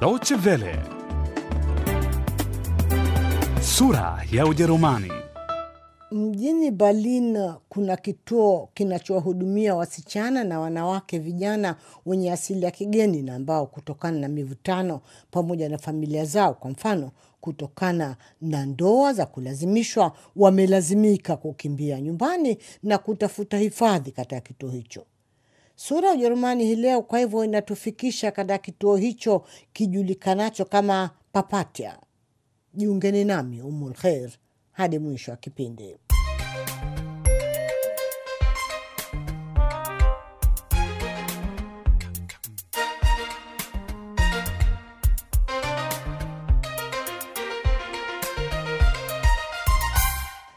Deutsche Welle, sura ya Ujerumani. Mjini Berlin kuna kituo kinachowahudumia wasichana na wanawake vijana wenye asili ya kigeni na ambao kutokana na mivutano pamoja na familia zao, kwa mfano kutokana na ndoa za kulazimishwa, wamelazimika kukimbia nyumbani na kutafuta hifadhi katika kituo hicho. Sura ya Ujerumani hii leo kwa hivyo inatufikisha katika kituo hicho kijulikanacho kama Papatia. Jiungeni nami Umul hadi mwisho wa kipindi.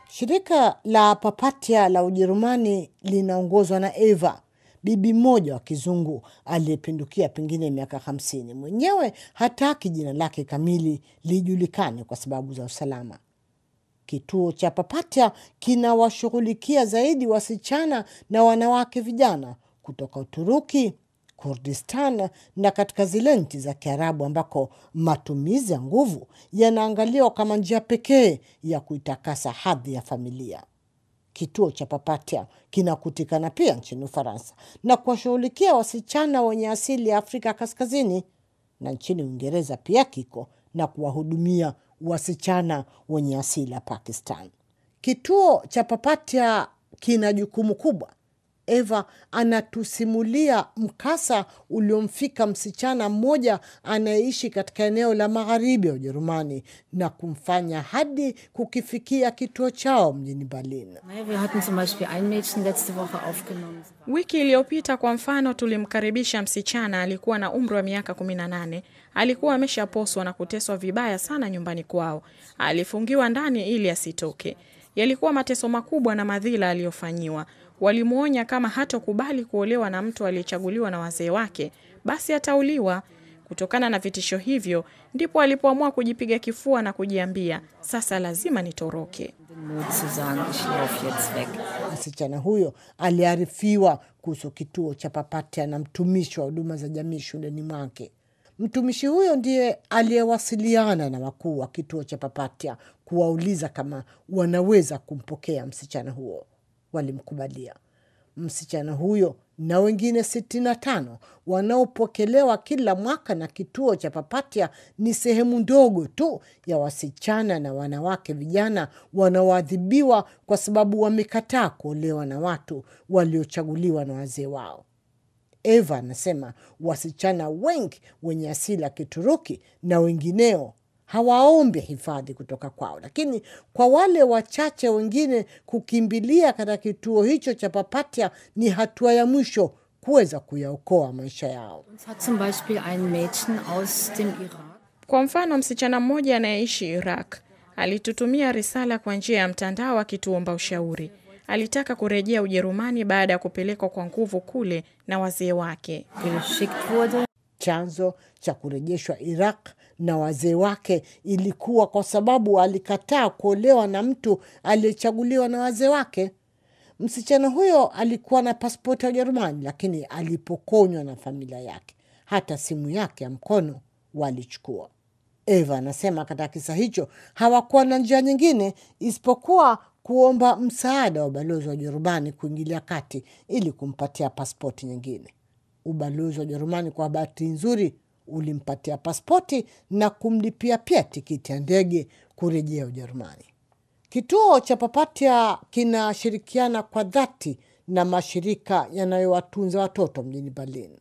Shirika la Papatia la Ujerumani linaongozwa na Eva bibi mmoja wa kizungu aliyepindukia pengine miaka hamsini. Mwenyewe hataki jina lake kamili lijulikane kwa sababu za usalama. Kituo cha Papatya kinawashughulikia zaidi wasichana na wanawake vijana kutoka Uturuki, Kurdistan na katika zile nchi za Kiarabu ambako matumizi ya nguvu yanaangaliwa kama njia pekee ya kuitakasa hadhi ya familia. Kituo cha Papatia kinakutikana pia nchini Ufaransa na kuwashughulikia wasichana wenye asili ya Afrika Kaskazini, na nchini Uingereza pia kiko na kuwahudumia wasichana wenye asili ya Pakistan. Kituo cha Papatia kina jukumu kubwa Eva anatusimulia mkasa uliomfika msichana mmoja anayeishi katika eneo la magharibi ya Ujerumani na kumfanya hadi kukifikia kituo chao mjini Berlin. Wiki iliyopita kwa mfano, tulimkaribisha msichana alikuwa na umri wa miaka 18. Alikuwa ameshaposwa na kuteswa vibaya sana nyumbani kwao, alifungiwa ndani ili asitoke. Yalikuwa mateso makubwa na madhila aliyofanyiwa. Walimwonya kama hatokubali kuolewa na mtu aliyechaguliwa na wazee wake, basi atauliwa. Kutokana na vitisho hivyo, ndipo alipoamua kujipiga kifua na kujiambia, sasa lazima nitoroke. Msichana huyo aliarifiwa kuhusu kituo cha Papatia na mtumishi wa huduma za jamii shuleni mwake. Mtumishi huyo ndiye aliyewasiliana na wakuu wa kituo cha Papatia kuwauliza kama wanaweza kumpokea msichana huo. Walimkubalia msichana huyo na wengine 65 wanaopokelewa kila mwaka na kituo cha Papatia ni sehemu ndogo tu ya wasichana na wanawake vijana wanaoadhibiwa kwa sababu wamekataa kuolewa na watu waliochaguliwa na wazee wao. Eva anasema wasichana wengi wenye asili ya Kituruki na wengineo hawaombi hifadhi kutoka kwao, lakini kwa wale wachache wengine kukimbilia katika kituo hicho cha Papatia ni hatua ya mwisho kuweza kuyaokoa maisha yao. Kwa mfano, msichana mmoja anayeishi Iraq alitutumia risala kwa njia ya mtandao akituomba ushauri alitaka kurejea Ujerumani baada ya kupelekwa kwa nguvu kule na wazee wake. Chanzo cha kurejeshwa Iraq na wazee wake ilikuwa kwa sababu alikataa kuolewa na mtu aliyechaguliwa na wazee wake. Msichana huyo alikuwa na paspoti ya Ujerumani, lakini alipokonywa na familia yake, hata simu yake ya mkono walichukua. Eva anasema katika kisa hicho hawakuwa na njia nyingine isipokuwa kuomba msaada wa ubalozi wa Ujerumani kuingilia kati ili kumpatia paspoti nyingine. Ubalozi wa Ujerumani kwa bahati nzuri ulimpatia paspoti na kumlipia pia tikiti ya ndege kurejea Ujerumani. Kituo cha Papatia kinashirikiana kwa dhati na mashirika yanayowatunza watoto mjini Berlin.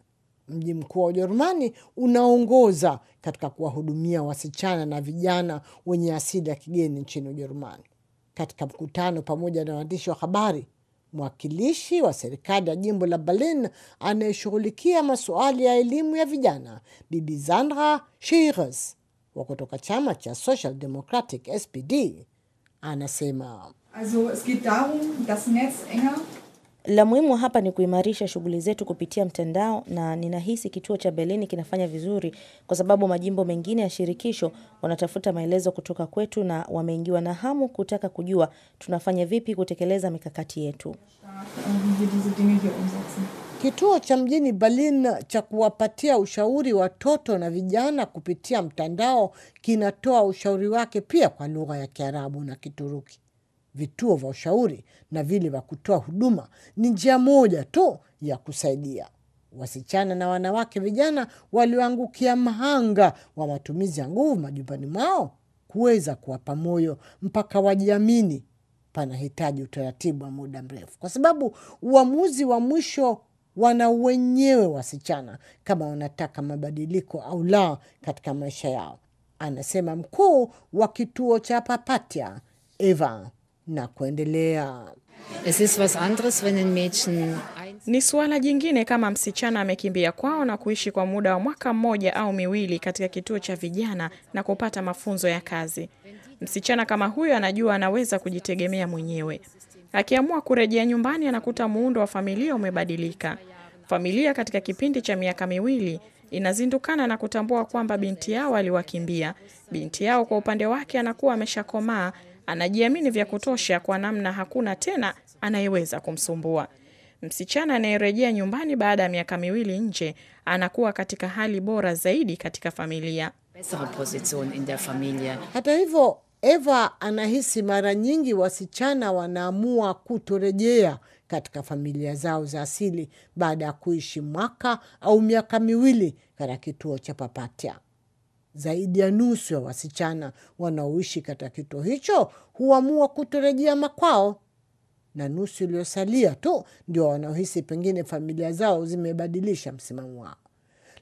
Mji mkuu wa Ujerumani unaongoza katika kuwahudumia wasichana na vijana wenye asili ya kigeni nchini Ujerumani. Katika mkutano pamoja na waandishi wa habari, mwakilishi wa serikali ya jimbo la Berlin anayeshughulikia masuala ya elimu ya vijana, Bibi Sandra Shires wa kutoka chama cha Social Democratic SPD anasema also, es geht darum, das Netz enger la muhimu hapa ni kuimarisha shughuli zetu kupitia mtandao na ninahisi kituo cha Berlin kinafanya vizuri kwa sababu majimbo mengine ya shirikisho wanatafuta maelezo kutoka kwetu na wameingiwa na hamu kutaka kujua tunafanya vipi kutekeleza mikakati yetu. Kituo cha mjini Berlin cha kuwapatia ushauri watoto na vijana kupitia mtandao kinatoa ushauri wake pia kwa lugha ya Kiarabu na Kituruki vituo vya ushauri na vile vya kutoa huduma ni njia moja tu ya kusaidia wasichana na wanawake vijana walioangukia mhanga wa matumizi ya nguvu majumbani mwao kuweza kuwapa moyo mpaka wajiamini panahitaji utaratibu wa muda mrefu, kwa sababu uamuzi wa mwisho wana wenyewe wasichana, kama wanataka mabadiliko au la katika maisha yao, anasema mkuu wa kituo cha Papatia Eva na kuendelea. Es ist was anderes, wenn ein Mädchen... Ni suala jingine kama msichana amekimbia kwao na kuishi kwa muda wa mwaka mmoja au miwili katika kituo cha vijana na kupata mafunzo ya kazi. Msichana kama huyo anajua anaweza kujitegemea mwenyewe. Akiamua kurejea nyumbani, anakuta muundo wa familia umebadilika. Familia katika kipindi cha miaka miwili inazindukana na kutambua kwamba binti yao aliwakimbia. Binti yao kwa upande wake anakuwa ameshakomaa Anajiamini vya kutosha kwa namna hakuna tena anayeweza kumsumbua. Msichana anayerejea nyumbani baada ya miaka miwili nje anakuwa katika hali bora zaidi katika familia. Hata hivyo, Eva anahisi mara nyingi wasichana wanaamua kutorejea katika familia zao za asili baada ya kuishi mwaka au miaka miwili katika kituo cha Papatya. Zaidi ya nusu ya wasichana wanaoishi katika kituo hicho huamua kutorejea makwao, na nusu iliyosalia tu ndio wanaohisi pengine familia zao zimebadilisha msimamo wao.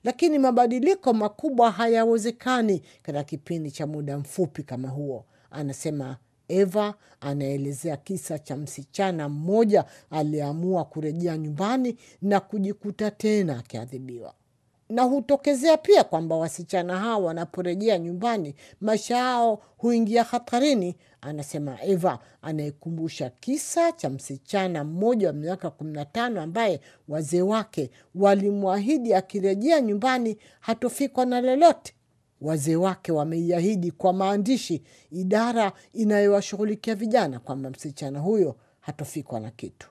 Lakini mabadiliko makubwa hayawezekani katika kipindi cha muda mfupi kama huo, anasema Eva. Anaelezea kisa cha msichana mmoja aliyeamua kurejea nyumbani na kujikuta tena akiadhibiwa na hutokezea pia kwamba wasichana hao wanaporejea nyumbani maisha yao huingia hatarini, anasema Eva, anayekumbusha kisa cha msichana mmoja wa miaka 15 ambaye wazee wake walimwahidi akirejea nyumbani hatofikwa na lolote. Wazee wake wameiahidi kwa maandishi idara inayowashughulikia vijana kwamba msichana huyo hatofikwa na kitu.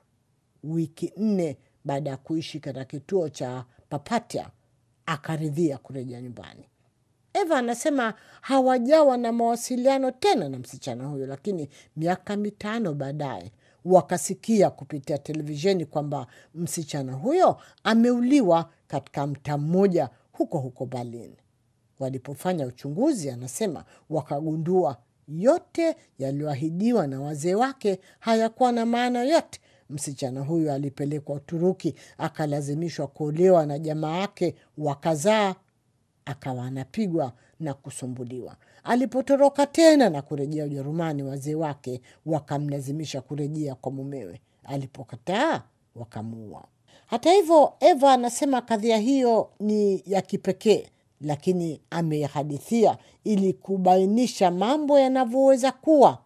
Wiki nne baada ya kuishi katika kituo cha Papatia akaridhia kurejea nyumbani. Eva anasema hawajawa na mawasiliano tena na msichana huyo, lakini miaka mitano baadaye wakasikia kupitia televisheni kwamba msichana huyo ameuliwa katika mtaa mmoja huko huko Berlin. Walipofanya uchunguzi, anasema wakagundua yote yaliyoahidiwa na wazee wake hayakuwa na maana yote, Msichana huyu alipelekwa Uturuki, akalazimishwa kuolewa na jamaa yake, wakazaa, akawa anapigwa na kusumbuliwa. Alipotoroka tena na kurejea Ujerumani, wazee wake wakamlazimisha kurejea kwa mumewe. Alipokataa wakamuua. Hata hivyo, Eva anasema kadhia hiyo ni ya kipekee, lakini ameyahadithia ili kubainisha mambo yanavyoweza kuwa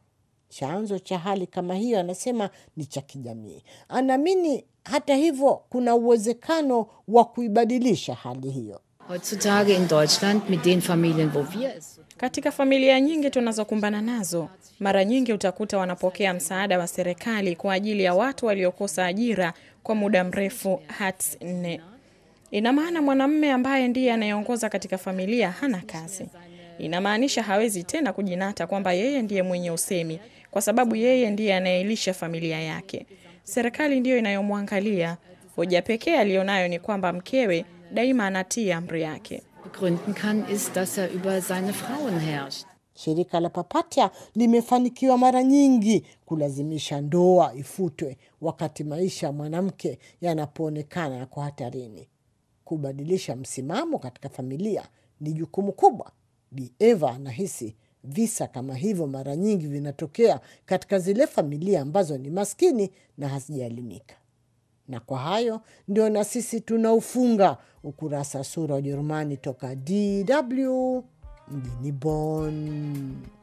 Chanzo cha hali kama hiyo anasema ni cha kijamii. Anaamini hata hivyo kuna uwezekano wa kuibadilisha hali hiyo. Katika familia nyingi tunazokumbana nazo, mara nyingi utakuta wanapokea msaada wa serikali kwa ajili ya watu waliokosa ajira kwa muda mrefu hats nne. Ina maana mwanamme ambaye ndiye anayeongoza katika familia hana kazi. Inamaanisha hawezi tena kujinata kwamba yeye ndiye mwenye usemi kwa sababu yeye ndiye anayelisha familia yake. Serikali ndiyo inayomwangalia. Hoja pekee aliyonayo ni kwamba mkewe daima anatii amri yake. Er Shirika la Papatia limefanikiwa mara nyingi kulazimisha ndoa ifutwe wakati maisha ya mwanamke yanapoonekana yako hatarini. Kubadilisha msimamo katika familia ni jukumu kubwa. Bi Eva anahisi Visa kama hivyo mara nyingi vinatokea katika zile familia ambazo ni maskini na hazijaelimika. Na kwa hayo ndio na sisi tunaufunga ukurasa Sura Ujerumani toka DW mjini Bonn.